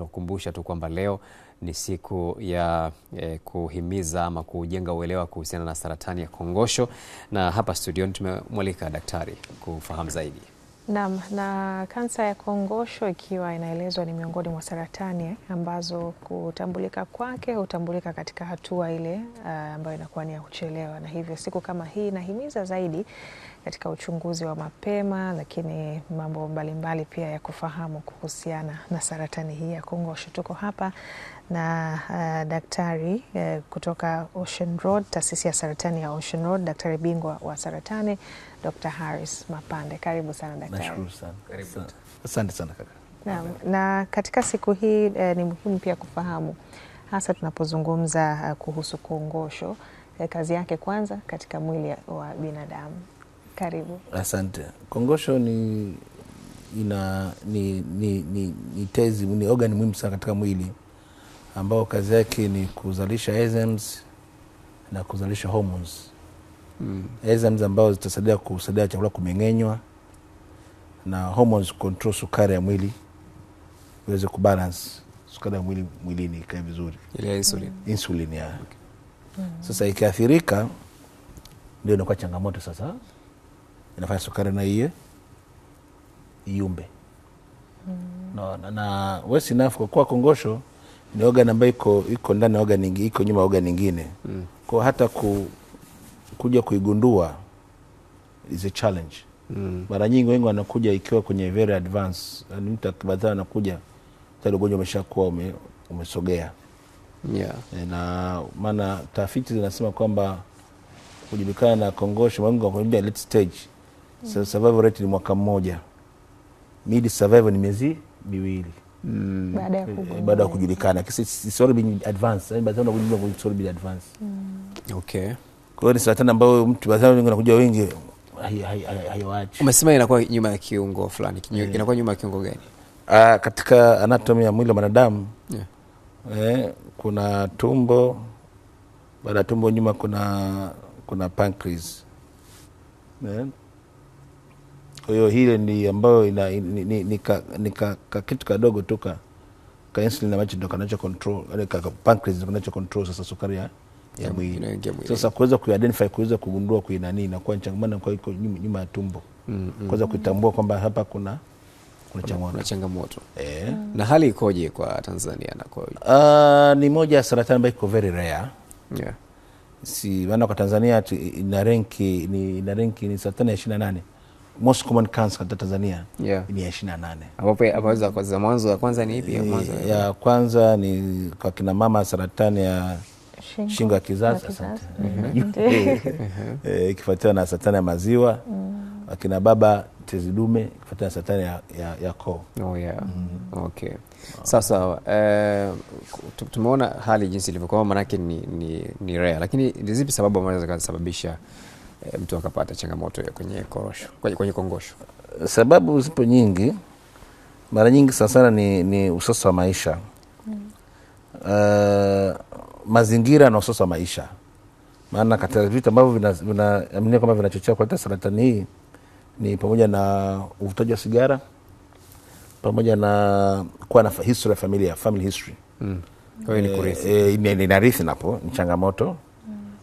tunakukumbusha tu kwamba leo ni siku ya eh, kuhimiza ama kujenga uelewa kuhusiana na saratani ya kongosho, na hapa studioni tumemwalika daktari kufahamu zaidi. Naam, na kansa ya kongosho ikiwa inaelezwa ni miongoni mwa saratani ambazo kutambulika kwake hutambulika katika hatua ile uh, ambayo inakuwa ni ya kuchelewa, na hivyo siku kama hii inahimiza zaidi katika uchunguzi wa mapema, lakini mambo mbalimbali mbali pia ya kufahamu kuhusiana na saratani hii ya kongosho. Tuko hapa na uh, daktari uh, kutoka Ocean Road, taasisi ya saratani ya Ocean Road, daktari bingwa wa saratani Dr. Harris Mapande. Karibu sana daktari. Asante sana kaka. Na, na katika siku hii eh, ni muhimu pia kufahamu hasa tunapozungumza uh, kuhusu kongosho eh, kazi yake kwanza katika mwili wa binadamu. Karibu. Asante. Kongosho ni ina ni, ni, ni, ni tezi ni organ muhimu sana katika mwili ambao kazi yake ni kuzalisha enzymes na kuzalisha hormones mm. enzymes ambazo zitasaidia kusaidia chakula kumeng'enywa na hormones control sukari ya mwili iweze kubalance sukari ya mwili mwilini ikae vizuri, ile insulin hmm. insulin ya okay. mm. Sasa ikiathirika ndio inakuwa changamoto sasa inafanya sukari na iye iumbe mm. no, na, na wesi nafu kwa kuwa kongosho ni organ ambayo iko iko ndani ya organ nyingine iko nyuma organ nyingine mm. kwa hata ku, kuja kuigundua is a challenge mm. mara nyingi wengi wanakuja ikiwa kwenye very advance mtu akibadha anakuja tayari ugonjwa umeshakuwa ume, umesogea yeah. e, na maana tafiti zinasema kwamba kujulikana na kongosho late stage mm. survival rate ni mwaka mmoja, mid survival ni miezi miwili mm. baada ya kujulikana hmm. okay. Kwa hiyo ni saratani ambayo mtu baadhi wanakuja wengi haiwaachi. Umesema inakuwa nyuma ya kiungo fulani, yeah. inakuwa nyuma ya kiungo gani? Ah, katika anatomy ya mwili wa mwanadamu yeah. Eh, kuna tumbo, baada ya tumbo nyuma kuna kuna pancreas eh, kwa hiyo hile ni ambayo ina, ni, ni, ni, ka, ni ka, ka kitu kadogo tu ka insulin ambacho ndo kanacho control yaani ka, ka pancreas ndo kanacho control sasa sukari ya, ya mwili. Sasa kuweza ku identify kuweza kugundua kuinani inakuwa changamano kwa iko nyuma ya tumbo mm, mm. kuweza kutambua kwamba hapa kuna kuna changamoto, kuna changamoto. E. Na hali ikoje kwa Tanzania na kwa uh, ni moja ya saratani ambayo iko very rare yeah. Si maana kwa Tanzania ina renki ni ina renki ni saratani ya 28 most common cancer katika Tanzania yeah. ni ya ishirini na nane ambapo za mwanzo ya kwanza ni ipi? Eh, ya kwanza ni kwa kina mama saratani ya shingo, ya kizazi mm-hmm. eh, eh, ikifuatiwa na saratani ya maziwa mm. akina baba tezi dume ikifuatiwa na saratani ya, ya, ya koo. oh, yeah. mm -hmm. okay. Sasa sawa. Uh, tumeona hali jinsi ilivyokuwa, maanake ni, ni, ni rare, lakini ni zipi sababu ambazo zinasababisha e, mtu akapata changamoto kwenye korosho, kwenye, kwenye kongosho? Sababu zipo nyingi, mara nyingi sana sana ni, ni usasa wa maisha mm. E, mazingira na usasa wa maisha, maana katika vitu ambavyo vinaaminia kwamba vinachochea kuleta saratani hii ni pamoja na uvutaji wa sigara pamoja na kuwa na history ya familia, family history mm. E, e, inarithi napo ni changamoto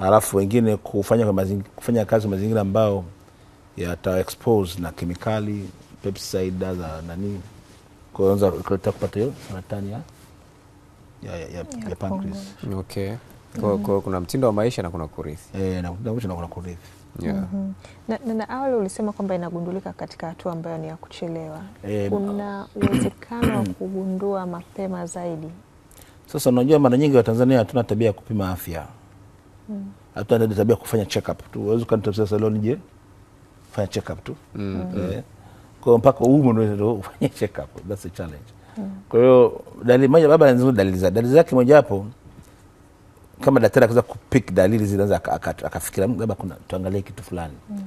halafu wengine kufanya, mazing, kufanya kazi kwa mazingira ambayo yata expose na kemikali pesticide za nani kuanza kuleta kupata hiyo saratani ya ya, ya, ya, ya pancreas. Okay. Kwa, kwa, kuna mtindo wa maisha na kuna kurithi e, na, na, na kuna kurithi yeah. mm -hmm. na, na awali ulisema kwamba inagundulika katika hatua ambayo ni ya kuchelewa e, kuna uwezekano wa kugundua mapema zaidi. Sasa unajua mara nyingi Watanzania hatuna tabia ya kupima afya hatuna mm. tabia kufanya check up tu, waweza ukanitafsia saloni, je fanya check up tu mm. eh, mm. kwa mpaka umo ndio ufanye check up, that's a challenge mm. kwa hiyo dalili moja baba anazungumza dalili zake, dalili zake mojawapo kama daktari akaweza kupik dalili zile akafikiria labda kuna tuangalie kitu fulani mm.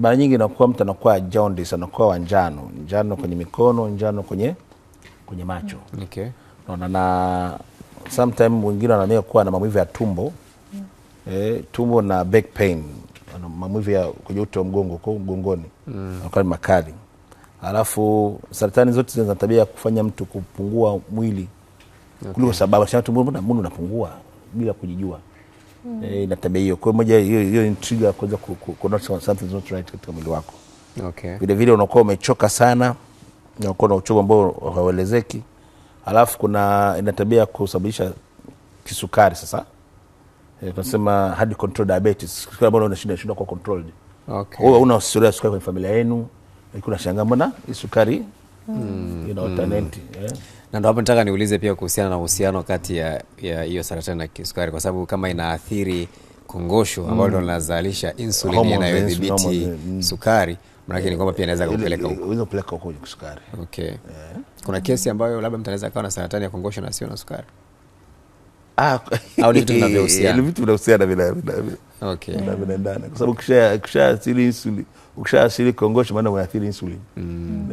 Mara nyingi nakuwa mtu anakuwa jaundice, anakuwa wa njano njano kwenye mikono, njano kwenye kwenye macho mm. okay. Naona na sometime wengine wanania kuwa na maumivu ya tumbo eh, tumbo na back pain, maumivu ya kwenye uti wa mgongo kwa mgongoni mm. anakuwa ni makali. Alafu saratani zote zina tabia ya kufanya mtu kupungua mwili okay. kuliko sababu sana tumbo mbona mwili unapungua bila kujijua mm. eh, na tabia hiyo kwa moja hiyo hiyo ni trigger kuweza kuona something is not right katika mwili wako okay. Vile vile unakuwa umechoka sana, na uko na uchovu ambao hauelezeki. Alafu kuna ina tabia ya kusababisha kisukari sasa Eh, tunasema hard control diabetes, sukari ambayo unashinda shinda kwa controlled. Okay. Wewe una historia ya sukari kwenye familia yenu, ikiwa unashangaa mbona hii sukari mm. ina alternate mm. yeah. Eh? Na ndio hapo nataka niulize pia kuhusiana na uhusiano kati ya ya hiyo saratani na kisukari, kwa sababu kama inaathiri kongosho ambalo ndo mm. linazalisha insulini inayodhibiti mm, mm. sukari manake ni kwamba pia inaweza kupeleka huko inaweza kupeleka huko sukari. Okay. Yeah. Kuna kesi ambayo labda mtu anaweza akawa na saratani ya kongosho na sio na sukari. Ah, au ni vitu vinavyohusiana? Ni yaani vitu vinahusiana vina okay, kwa sababu kisha kisha asili insulin ukisha asili kongosho, maana unaathiri insulin mm.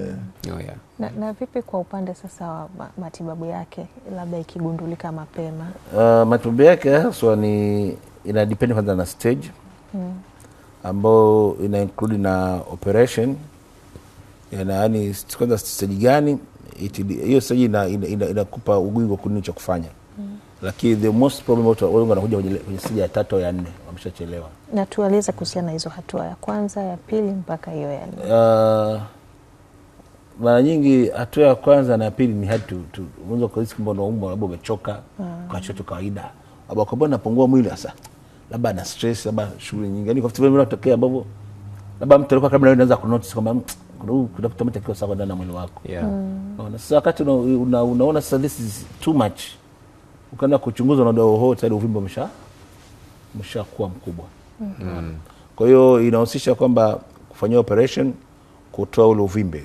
Oh, yeah. Na, na vipi kwa upande sasa wa matibabu yake labda ikigundulika mapema? Uh, matibabu yake haswa ni ina depend kwanza na stage mm. ambayo ina include na operation yaani kwanza stage gani hiyo stage inakupa ina, ina, ina, ina kunini cha kufanya lakini the most problem watu wengi wanakuja kwenye sija ya tatu ya nne wameshachelewa. Na tueleze kuhusiana hizo hatua ya kwanza, ya pili mpaka hiyo ya nne. Uh, mara nyingi hatua ya kwanza na ya pili ni hadi unaweza kuhisi kwamba unaumwa, labda umechoka uh, kwa chochote kawaida, labda kwamba napungua mwili hasa, labda na stress, labda shughuli nyingi, yani kwa sababu mimi natokea ambapo labda mtu alikuwa kama anaanza ku notice kwamba mm, kuna kitu ametakiwa sawa ndani ya mwili wako yeah. Mm. Sasa wakati unaona una, una, una, sasa this is too much ukaenda kuchunguza unaona hoho tayari uvimbe umesha umeshakuwa mkubwa mm kwa hiyo inahusisha kwamba kufanyia operation kutoa ule uvimbe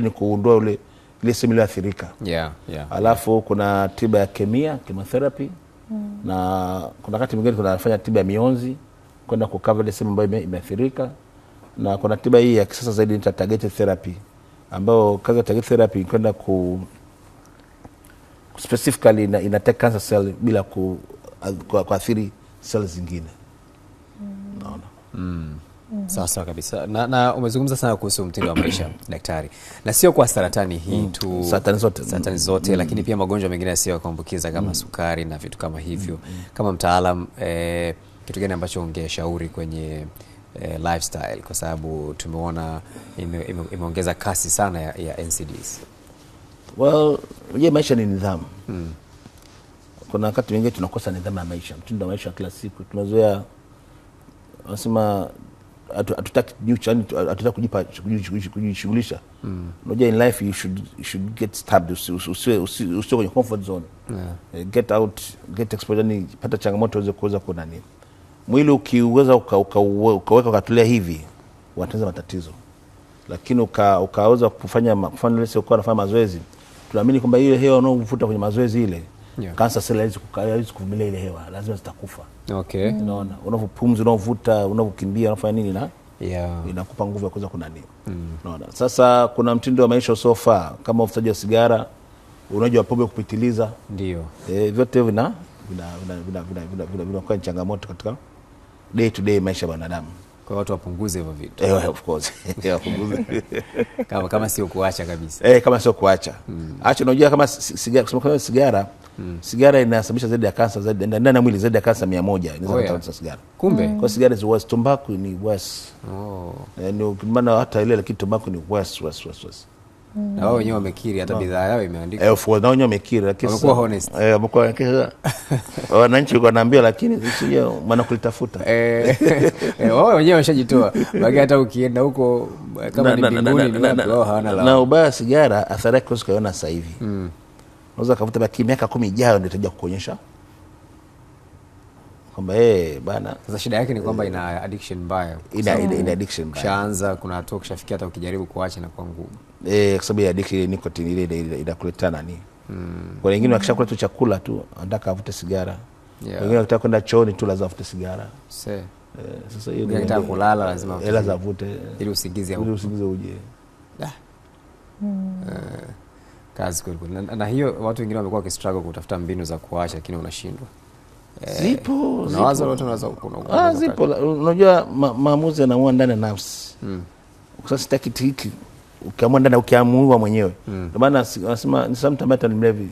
ni kuondoa ule ile sehemu iliyoathirika yeah, yeah, alafu yeah. kuna tiba ya kemia chemotherapy mm. na kuna wakati mwingine tunafanya tiba ya mionzi kwenda kukava ile sehemu ambayo imeathirika na kuna tiba hii ya kisasa zaidi ni targeted therapy ambayo kazi ya targeted therapy kwenda ku specifically ina, ina take cancer cell bila ku, kuathiri seli zingine naona mm. Mm. Sawa sawa kabisa na, na umezungumza sana kuhusu mtindo wa maisha daktari, na sio kwa saratani hii mm. tu mm. saratani zote, saratani zote mm. lakini pia magonjwa mengine yasiyo kuambukiza kama mm. sukari na vitu kama hivyo mm. mm. kama mtaalam eh, kitu gani ambacho ungeshauri kwenye eh, lifestyle kwa sababu tumeona imeongeza ime, ime kasi sana ya, ya NCDs? Well, ye maisha ni nidhamu hmm. Kuna wakati wengine tunakosa nidhamu ya maisha, mtindo wa maisha kila siku tunazoea, wanasema hatutaki hatutaki kujipa kujishughulisha. Hmm. Unajua, in life you should, you should get stabbed, usiwe kwenye comfort zone yeah. Eh, get out, get exposure, ni pata changamoto uweze kuweza kuna nini mwili ukiweza ukaweka uka, uka, ukatulia hivi watenza matatizo, lakini ukaweza uka kufanya kufanya ukawa nafanya mazoezi tunaamini kwamba ile hewa unaovuta kwenye mazoezi ile yeah. kansa seli haiwezi kuvumilia ile hewa, lazima zitakufa. Okay. Mm. Unaona, unavyopumzi, unaovuta, unavyokimbia, unafanya nini na yeah. inakupa nguvu ya kuweza kunani. Mm. Unaona, sasa kuna mtindo wa maisha usiofaa kama uvutaji wa sigara, unywaji wa pombe kupitiliza, ndio e, vyote vina vina vina changamoto katika vina vina vina maisha ya vina kwa watu wapunguze hivyo vitu. Eh, of course. Wapunguze. Kama kama sio kuacha kabisa. Eh, kama sio kuacha. Mm. Acha unajua kama sigara kusema kama sigara mm. sigara inasababisha zaidi ya kansa zaidi ndani ya mwili zaidi ya kansa 100 inaweza oh, kutangaza sigara. Kumbe. Mm. Kwa sigara is worse, tumbaku ni worse. Oh. Eh, ndio maana hata ile lakini tumbaku ni worse worse worse. worse. Mm. Na wao wenyewe wamekiri hata bidhaa yao imeandikwa. elfu eh, of course na wenyewe wamekiri lakini wamekuwa honest. Eh, wamekuwa kisa wananchi wanaambia lakini sisi wanakulitafuta. Eh, eh, wao wenyewe washajitoa Baki hata ukienda huko kama ni mbinguni ni wao hawana la. Na ubaya sigara athari yake usikaiona sasa hivi. Mm. Unaweza kavuta baki miaka 10 ijayo ndio itaja kukuonyesha kwamba hey, eh, bana. Sasa shida yake ni kwamba ina addiction mbaya, ina, ina, addiction mbaya. Ukishaanza kuna hatua kishafikia, hata ukijaribu kuacha na kwa ngumu eh, kwa sababu ya addiction ile ile inakuleta nani Mm. Kwa wengine wakishakula tu chakula tu anataka avute sigara. Yeah. Wengine wakitaka kwenda chooni tu lazima avute sigara. Se. Eh, sasa hiyo ndio anataka kulala lazima avute. za avute ili usingizi au ili usingizi uje. Da. Mm. Uh, kazi kweli kweli. Na, na hiyo watu wengine wamekuwa wakistruggle kutafuta mbinu za kuacha lakini wanashindwa. Eh, zipo. Na wazo lote unaweza kuna. Ah, zipo. Unajua maamuzi yanaua ndani ya nafsi. Mm. Sasa sitaki tiki ukiamua ndani ukiamua mwenyewe mm. maana anasema ni sometimes hata mlevi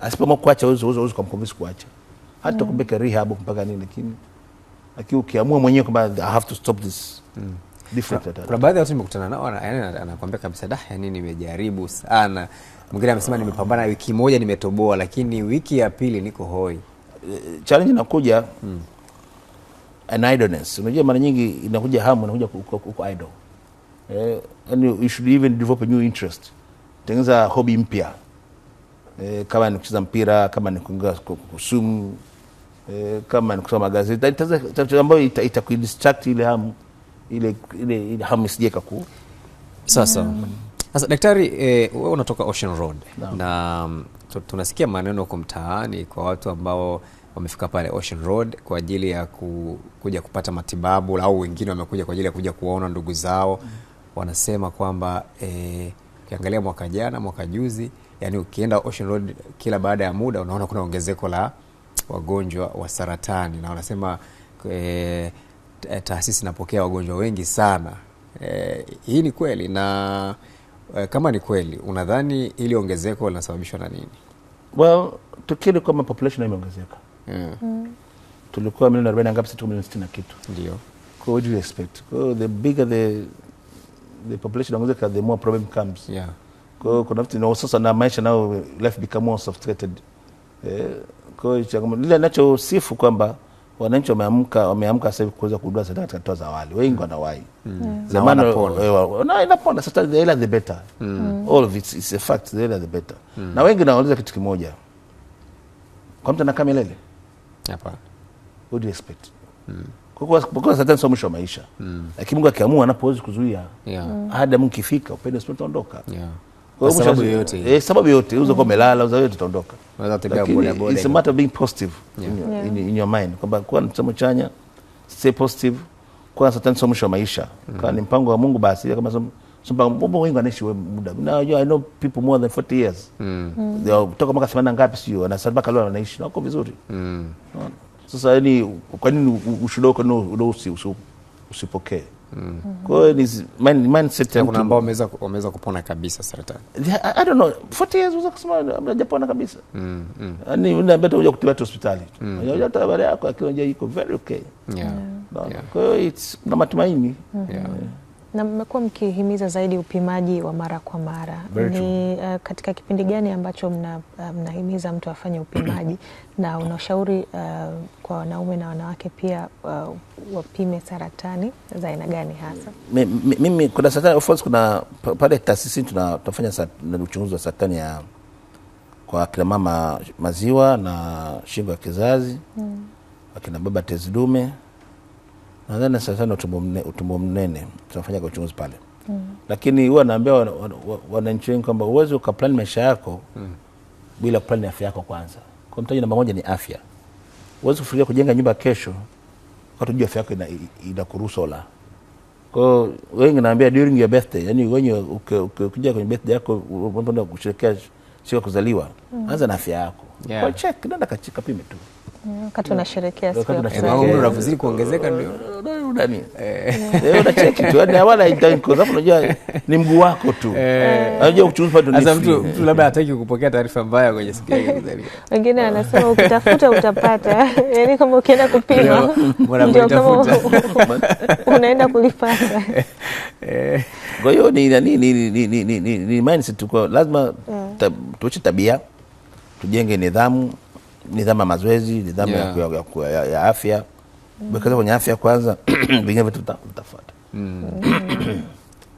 asipoamua kuacha uzo uzo uzo kwa mkomisi kuacha hata mm. kumbeka rehab mpaka nini, lakini lakini ukiamua mwenyewe kwamba I have to stop this mm. Kuna baadhi ya watu nimekutana nao, yani anakuambia kabisa da, yani nimejaribu sana. Mwingine amesema nimepambana wiki moja nimetoboa, lakini wiki ya pili niko hoi. Eh, challenge inakuja mm. an idleness. Unajua mara nyingi inakuja hamu, inakuja uko idle eh, and you should even develop a new interest, tengenza hobby mpya eh, kama ni kucheza mpira, kama ni kusumu eh, kama ni kusoma magazeti ambayo itakudistract ile hamu ile, ile, ile hamu isije kaku sasa mm. Sasa daktari, eh, wewe unatoka Ocean Road no. na tunasikia maneno huko mtaani kwa watu ambao wamefika pale Ocean Road kwa ajili ya ku, kuja kupata matibabu au wengine wamekuja kwa ajili ya kuja kuwaona ndugu zao mm wanasema kwamba e, ukiangalia e, mwaka jana mwaka juzi yani ukienda Ocean Road kila baada ya muda unaona kuna ongezeko la wagonjwa wa saratani na wanasema e, taasisi inapokea wagonjwa wengi sana e, hii ni kweli na e, kama ni kweli unadhani ili ongezeko linasababishwa na nini well tukiri kwamba population imeongezeka yeah. Mm. Mm. tulikuwa milioni 40 ngapi sasa milioni 60 na kitu ndio kwa what do you expect kwa the bigger the the population inaongezeka the more problem comes yeah. Kwa hiyo kuna vitu na sasa na maisha nao life become more sophisticated eh, kwa hiyo changamoto lile ninachosifu kwamba wananchi wameamka wameamka sasa kuweza kudua sadaka katika hatua za awali, wengi wanawahi zamani mm. na inapona sasa, the earlier the better mm. all of it is a fact, the earlier the better mm. na wengi nawauliza kitu kimoja, kwa mtu anakaa milele hapa, what do you expect mm. Kwa Satani sio mwisho wa maisha mm. Lakini Mungu akiamua anapowezi kuzuia yeah. Mm. Ada mkifika kifika sio utaondoka yeah. sababu yote eh, sababu yote uzo kwa melala uzo yote utaondoka, it's a matter of being positive yeah. in, your, in, your mind kwamba mtazamo chanya, stay positive kwa Satani sio mwisho wa maisha mm. Kwa ni mpango wa Mungu basi kama wengi muda? I know people more than 40 years. Mm. mm. Toka mwaka 80 ngapi sio, na sasa mpaka leo vizuri. Mm. Sasa yani kwa nini ushuhuda wako no, usipokee? Mm. Kwa hiyo ni mind, mindset ya kuna ambao wameweza wameweza kupona kabisa saratani. I, I don't know 40 years unaweza kusema hajapona kabisa. Mm. mm. Yaani mm. unaambia tu unja kutibiwa hospitali tu. Mm. Unajua habari yako akili iko very okay. Yeah. yeah. Kwa hiyo it's na matumaini. Yeah. yeah. Na mmekuwa mkihimiza zaidi upimaji wa mara kwa mara. Ni uh, katika kipindi gani ambacho mna, uh, mnahimiza mtu afanye upimaji na unashauri uh, kwa wanaume na wanawake pia uh, wapime saratani za aina gani hasa? Mimi kuna saratani of course, kuna pale taasisi tunafanya uchunguzi wa saratani ya kwa akina mama maziwa na shingo ya kizazi, mm. akina baba tezi dume nadhani sana utumbo mnene, utumbo mnene tunafanya kwa uchunguzi pale mm. Lakini huwa naambia wananchi wengi kwamba uwezi ukaplani maisha yako mm. bila kuplani afya yako kwanza. Kwa mtaji namba moja ni afya. Uwezi kufikiria kujenga nyumba kesho wakati unajua afya yako inakuruhusu ina la kwa Wengi naambia during your birthday, yani wenye ukija kwenye birthday yako unapenda kusherekea siku ya kuzaliwa mm. anza na afya yako yeah. Kwa check, nenda kachika pime tu wakati mm. unasherekea unavozidi kuongezeka ndio eh, eh, eh, unacheki tu, yani unajua ni mguu wako tu, anajua mtu labda hataki kupokea taarifa mbaya kwenye siku kuzaliwa. Wengine anasema ukitafuta utapata, yani kama ukienda kupima unaenda kulipata. Kwa hiyo ni mindset tu, lazima mm. tuache tabia, tujenge nidhamu nidhamu ya mazoezi, nidhamu yeah. ya, ya, ya, ya afya wekeza mm. kwenye afya kwanza, vingine vitu vitafuata. mm.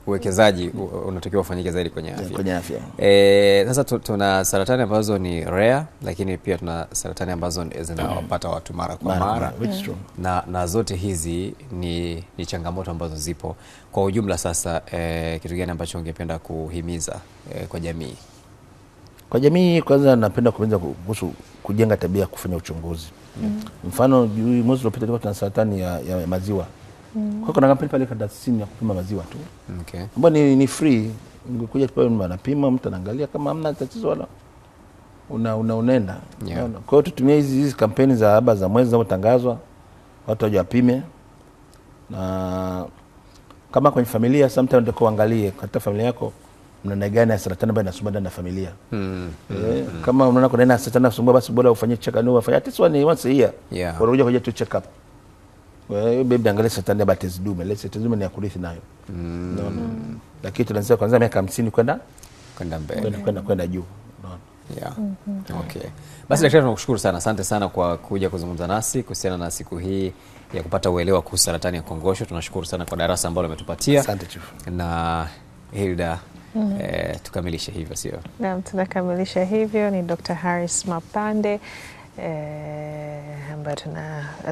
Uwekezaji unatakiwa ufanyike zaidi kwenye afya, kwenye afya. E, sasa tuna saratani ambazo ni rare, lakini pia tuna saratani ambazo zinawapata watu mara kwa mara, mara. Mm. Na, na zote hizi ni, ni changamoto ambazo zipo kwa ujumla. Sasa e, kitu gani ambacho ungependa kuhimiza e, kwa jamii? Kwa jamii kwanza, napenda kuanza kuhusu kujenga tabia ya kufanya uchunguzi mm. Mfano juu mwezi uliopita tulikuwa tuna saratani ya, ya maziwa mm. Kwa kuna kampeni pale kandasini ya kupima maziwa tu okay, ambayo ni, ni free. Ungekuja pale anapima mtu anaangalia kama hamna tatizo wala una, una unaenda yeah. Kwa hiyo tutumie hizi hizi kampeni za haba za mwezi zinazotangazwa watu waje wapime, na kama kwenye familia sometimes ndio kuangalie katika familia yako namna gani ya saratani ambayo inasumbua ndani ya familia mm, mm, e, Kama unaona kuna aina ya saratani inasumbua, basi bora ufanye check up, ufanyie at least one once a year, yeah. Unakuja kuja tu check up wewe eh, baby, angalia saratani ya tezi dume. Let's say tezi dume ni ya kurithi nayo mm. no, Lakini tunaanza kwanza miaka 50 kwenda kwenda mbele kwenda kwenda juu Yeah. Mm -hmm. Okay. Basi daktari, tunakushukuru sana, asante sana kwa kuja kuzungumza nasi kuhusiana na siku hii ya kupata uelewa kuhusu saratani ya kongosho. Tunashukuru sana kwa darasa ambalo umetupatia. Asante chifu. Na Hilda mm. E, tukamilishe hivyo sio? Naam, tunakamilisha hivyo. Ni Dr. Harris Mapande e, eh, ambayo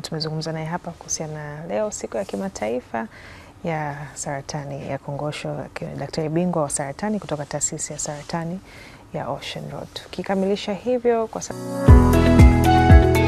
tumezungumza naye hapa kuhusiana na leo siku ya kimataifa ya saratani ya kongosho, daktari bingwa wa saratani kutoka taasisi ya saratani ya Ocean Road. Tukikamilisha hivyo kwa sababu